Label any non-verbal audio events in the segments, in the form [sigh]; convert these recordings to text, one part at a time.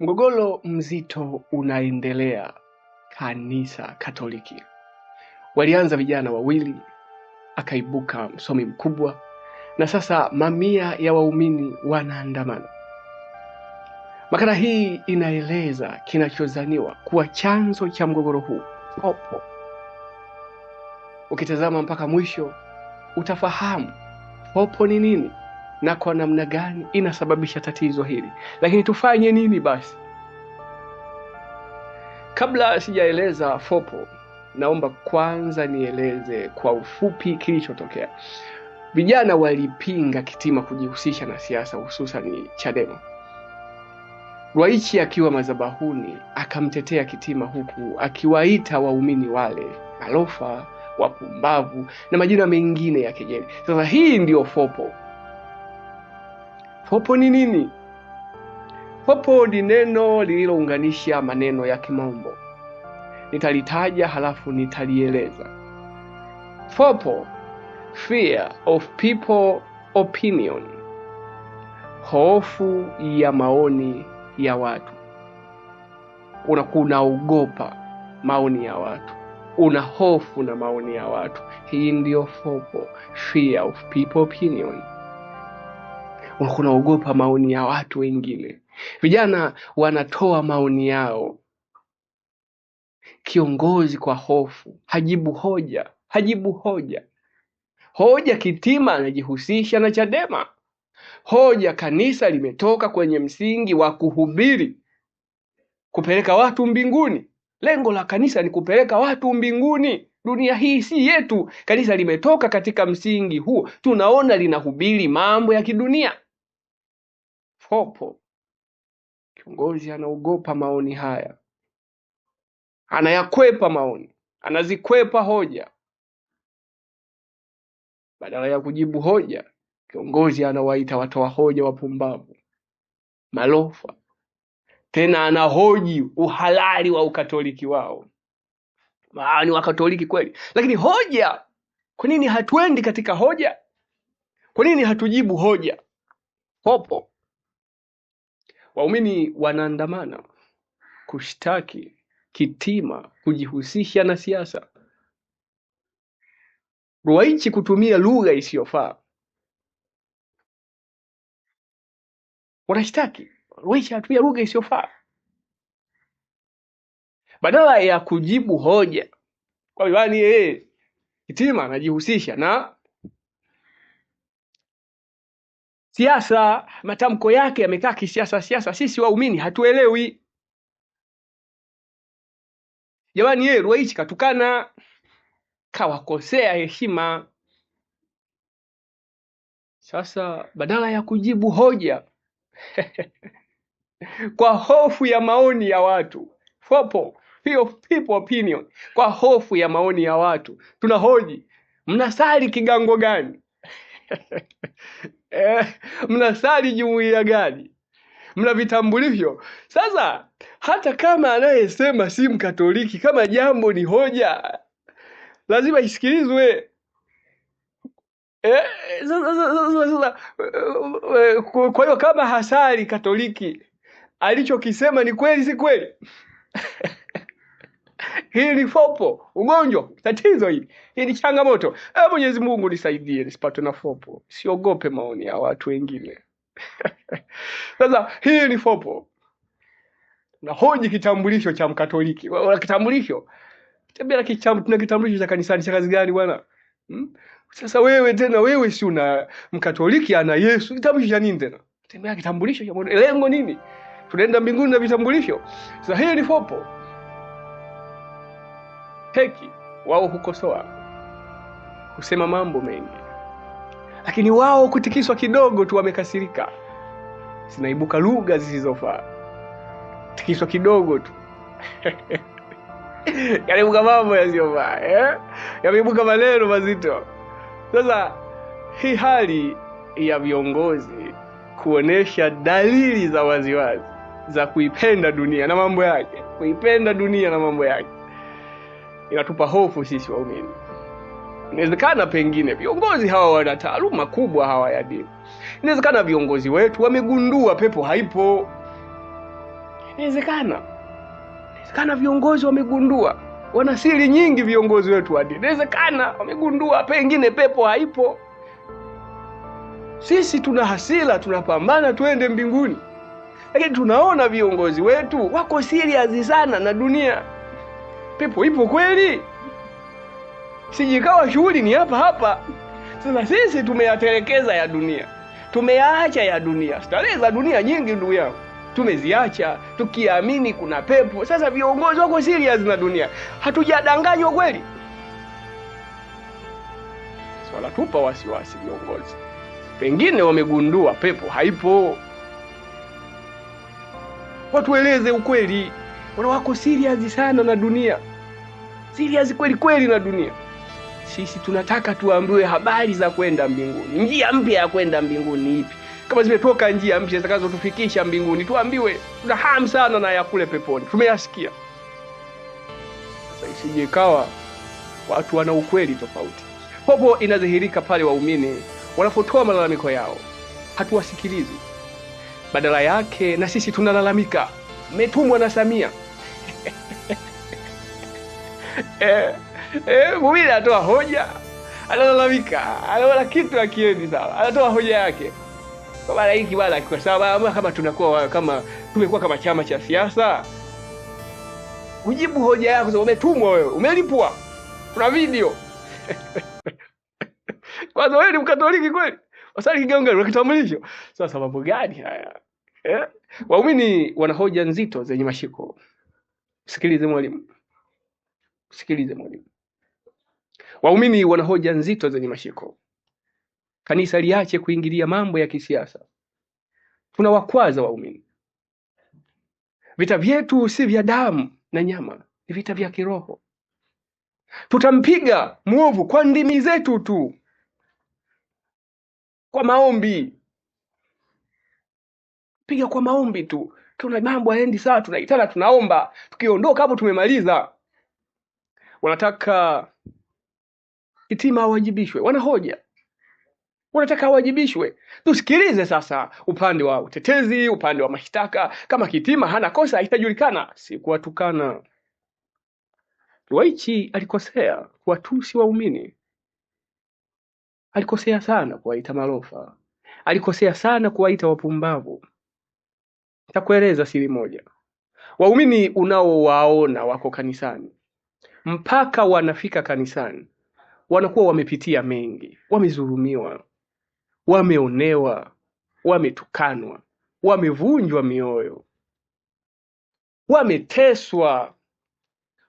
Mgogoro mzito unaendelea Kanisa Katoliki. Walianza vijana wawili, akaibuka msomi mkubwa, na sasa mamia ya waumini wanaandamana. Makala hii inaeleza kinachozaniwa kuwa chanzo cha mgogoro huu, popo Ukitazama mpaka mwisho utafahamu popo ni nini na kwa namna gani inasababisha tatizo hili, lakini tufanye nini basi? Kabla sijaeleza FOPO, naomba kwanza nieleze kwa ufupi kilichotokea. Vijana walipinga Kitima kujihusisha na siasa, hususan Chadema. Rwaichi akiwa madhabahuni akamtetea Kitima huku akiwaita waumini wale malofa, wapumbavu na majina mengine ya kejeli. Sasa hii ndiyo FOPO. Hopo ni nini? Hopo ni neno lililounganisha maneno ya Kimombo. Nitalitaja halafu nitalieleza. Hopo, fear of people opinion, hofu ya maoni ya watu. Unakunaogopa maoni ya watu, una hofu na maoni ya watu. Hii ndiyo fopo, fear of people opinion kunaogopa maoni ya watu wengine. Vijana wanatoa maoni yao. Kiongozi kwa hofu hajibu hoja, hajibu hoja. Hoja Kitima anajihusisha na Chadema. Hoja kanisa limetoka kwenye msingi wa kuhubiri, kupeleka watu mbinguni. Lengo la kanisa ni kupeleka watu mbinguni. Dunia hii si yetu. Kanisa limetoka katika msingi huo, tunaona linahubiri mambo ya kidunia mkopo. Kiongozi anaogopa maoni haya, anayakwepa maoni, anazikwepa hoja. Badala ya kujibu hoja, kiongozi anawaita watoa hoja wapumbavu, malofa. Tena anahoji uhalali wa ukatoliki wao. Maa, ni wakatoliki kweli, lakini hoja, kwa nini hatuendi katika hoja? Kwa nini hatujibu hoja? Popo Waumini wanaandamana kushtaki kitima kujihusisha na siasa, Ruwaichi kutumia lugha isiyofaa. Wanashtaki Ruwaichi anatumia lugha isiyofaa, badala ya kujibu hoja kwa, yaani yeye eh, Kitima anajihusisha na siasa, matamko yake yamekaa kisiasa siasa. Sisi waumini hatuelewi jamani. Yeye Ruwaichi katukana, kawakosea heshima. Sasa badala ya kujibu hoja [laughs] kwa hofu ya maoni ya watu fopo hiyo people opinion, kwa hofu ya maoni ya watu tunahoji, mnasali kigango gani? [laughs] Eh, mnasali jumuiya gani? Mna vitambulisho? Sasa hata kama anayesema si Mkatoliki, kama jambo ni hoja, lazima isikilizwe. Eh, sasa, sasa, sasa, eh, kwa hiyo kama hasali Katoliki, alichokisema ni kweli, si kweli? [laughs] hili ni fopo, ugonjwa, tatizo hili, hii ni changamoto. Eh, Mwenyezi Mungu nisaidie nisipatwe na fopo, siogope maoni ya watu wengine. [laughs] Sasa hii ni fopo, nahoji kitambulisho cha Mkatoliki. na kitambulisho tembea kicham, tuna kitambulisho cha kanisani cha kazi gani bwana? Hmm? Sasa wewe tena wewe, si una Mkatoliki ana Yesu, kitambulisho cha nini tena? Tembea kitambulisho cha lengo nini? Tunaenda mbinguni na vitambulisho? Sasa hiyo ni fopo heki, wao hukosoa, husema mambo mengi, lakini wao kutikiswa kidogo tu wamekasirika, zinaibuka lugha zisizofaa. Tikiswa kidogo tu [laughs] yanaibuka mambo yasiyofaa eh? Yameibuka maneno mazito. Sasa hii hali ya viongozi kuonesha dalili za waziwazi za kuipenda dunia na mambo yake, kuipenda dunia na mambo yake inatupa hofu sisi waumini. Inawezekana pengine viongozi hawa wana taaluma kubwa hawa ya dini. Inawezekana viongozi wetu wamegundua pepo haipo. Inawezekana, inawezekana viongozi wamegundua, wana siri nyingi viongozi wetu wa dini. Inawezekana wamegundua pengine pepo haipo. Sisi tuna hasira, tunapambana tuende mbinguni, lakini tunaona viongozi wetu wako serious sana na dunia pepo ipo kweli? Sijikawa shughuli ni hapa hapa. Sasa sisi tumeyatelekeza ya dunia, tumeyaacha ya dunia. Starehe za dunia nyingi, ndugu yangu, tumeziacha tukiamini kuna pepo. Sasa viongozi wako serious na dunia, hatujadanganywa kweli? swala tupa wasiwasi viongozi, pengine wamegundua pepo haipo, watueleze ukweli. Wana wako serious sana na dunia, serious kweli kweli na dunia. Sisi tunataka tuambiwe habari za kwenda mbinguni, njia mpya ya kwenda mbinguni ipi? Kama zimetoka njia mpya zitakazotufikisha mbinguni, tuambiwe. Tuna hamu sana na ya kule peponi, tumeyasikia. Sasa isije ikawa watu wana ukweli tofauti. Popo inadhihirika pale waumini wanapotoa malalamiko yao, hatuwasikilizi. Badala yake na sisi tunalalamika, mmetumwa na Samia eh, eh, Muumini anatoa hoja, analalamika, anaona kitu akiendi sawa, anatoa hoja yake kwa hiki bwana, kwa sababu kama tunakuwa kama tumekuwa kama chama cha siasa, ujibu hoja yako sababu umetumwa wewe, umelipwa, kuna video [laughs] kwanza wewe ni Mkatoliki kweli? Wasali kigonga na kitambulisho. Sasa sababu gani haya eh? Waumini wana hoja nzito zenye mashiko sikilize mwalimu, sikilize mwalimu. Waumini wana hoja nzito zenye mashiko. Kanisa liache kuingilia mambo ya kisiasa, tuna wakwaza waumini. Vita vyetu si vya damu na nyama, ni vita vya kiroho. Tutampiga mwovu kwa ndimi zetu tu, kwa maombi piga kwa maombi tu tuna mambo haendi sawa, tunaitana, tunaomba, tukiondoka hapo tumemaliza. Wanataka Kitima awajibishwe, wanahoja wanataka awajibishwe. Tusikilize sasa upande wa utetezi, upande wa mashtaka. Kama Kitima hana kosa, itajulikana. Si kuwatukana Ruwaichi alikosea kuwatusi waumini, alikosea sana kuwaita marofa alikosea sana kuwaita wapumbavu. Nitakueleza siri moja. Waumini unaowaona wako kanisani, mpaka wanafika kanisani wanakuwa wamepitia mengi, wamezulumiwa, wameonewa, wametukanwa, wamevunjwa mioyo, wameteswa,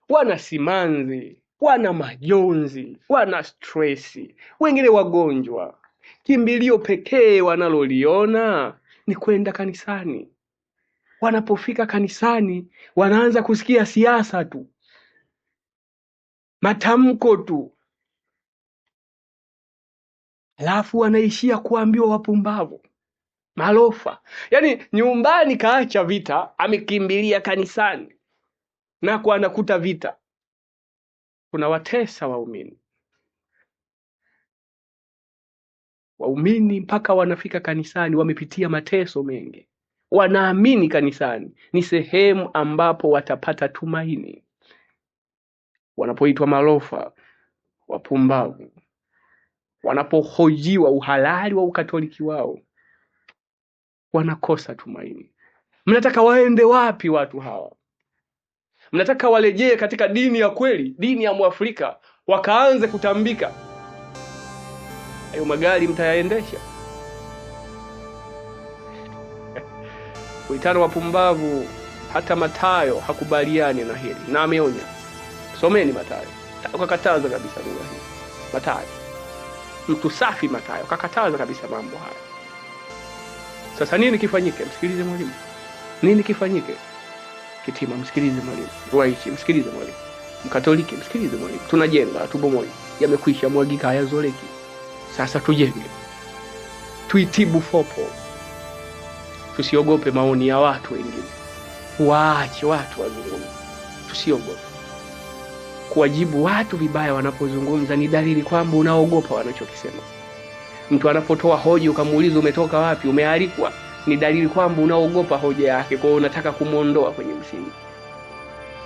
wana simanzi, wana majonzi, wana stresi, wengine wagonjwa. Kimbilio pekee wanaloliona ni kwenda kanisani wanapofika kanisani wanaanza kusikia siasa tu, matamko tu, alafu wanaishia kuambiwa wapumbavu, malofa. Yaani nyumbani kaacha vita, amekimbilia kanisani, nako anakuta vita. Kuna watesa waumini waumini mpaka wanafika kanisani, wamepitia mateso mengi wanaamini kanisani ni sehemu ambapo watapata tumaini wanapoitwa malofa wapumbavu wanapohojiwa uhalali wa ukatoliki wao wanakosa tumaini mnataka waende wapi watu hawa mnataka warejee katika dini ya kweli dini ya mwafrika wakaanze kutambika hayo magari mtayaendesha Uitana wapumbavu, hata matayo hakubaliani na hili na ameonya. Someni matayo kakataza kabisa lugha hii. Matayo mtu safi, Matayo kakataza kabisa mambo haya. Sasa nini kifanyike? Msikilize mwalimu. Nini kifanyike? Kitima, msikilize mwalimu. Waishi, msikilize mwalimu. Mkatoliki, msikilize mwalimu. Tunajenga, tubomoi yamekwisha mwagika, hayazoleki. Sasa tujenge, tuitibu fopo Tusiogope maoni ya watu wengine, waache watu wazungumze, tusiogope kuwajibu watu vibaya wanapozungumza. Ni dalili kwamba unaogopa wanachokisema. Mtu anapotoa hoja ukamuuliza umetoka wapi, umealikwa, ni dalili kwamba unaogopa hoja yake, kwa hiyo unataka kumwondoa kwenye msingi.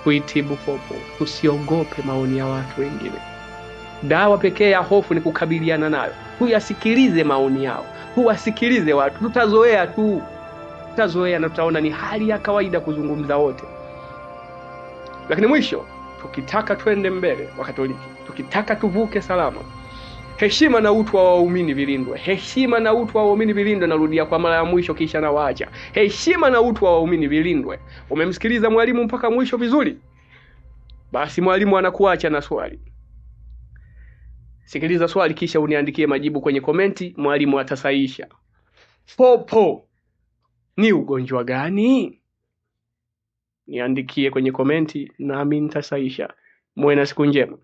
Kuitibu hofu, tusiogope maoni ya watu wengine. Dawa pekee ya hofu ni kukabiliana nayo, huyasikilize maoni yao, huwasikilize watu, tutazoea tu tutazoea na tutaona ni hali ya kawaida kuzungumza wote. Lakini mwisho, tukitaka twende mbele Wakatoliki, tukitaka tuvuke salama, heshima na utu wa waumini vilindwe. Heshima na utu wa waumini vilindwe, narudia kwa mara ya mwisho, kisha nawaacha. Heshima na utu wa waumini vilindwe. Umemsikiliza mwalimu mpaka mwisho vizuri? Basi mwalimu anakuacha na swali. Sikiliza swali kisha uniandikie majibu kwenye komenti, mwalimu atasaisha. Popo ni ugonjwa gani? Niandikie kwenye komenti nami nitasaisha. Muwe na siku njema.